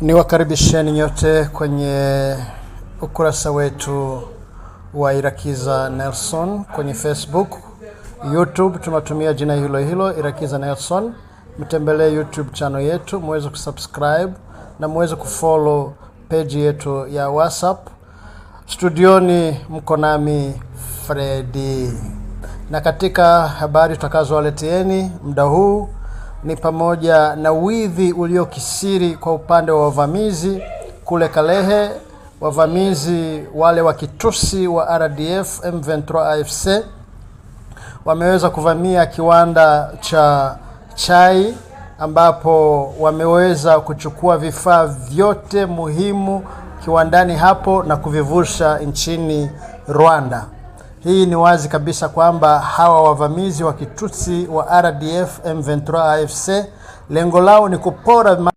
Niwakaribisheni nyote kwenye ukurasa wetu wa Irakiza Nelson kwenye Facebook, YouTube tunatumia jina hilo hilo Irakiza Nelson. Mtembelee YouTube chano yetu mweze kusubscribe na mweze kufollow page yetu ya WhatsApp. Studioni mko nami Fredi, na katika habari tutakazowaletieni muda huu ni pamoja na wivi uliokisiri kwa upande wa wavamizi kule Kalehe, wavamizi wale wa kitusi wa RDF M23 AFC wameweza kuvamia kiwanda cha chai ambapo wameweza kuchukua vifaa vyote muhimu kiwandani hapo na kuvivusha nchini Rwanda. Hii ni wazi kabisa kwamba hawa wavamizi wa Kitutsi wa RDF M23 AFC lengo lao ni kupora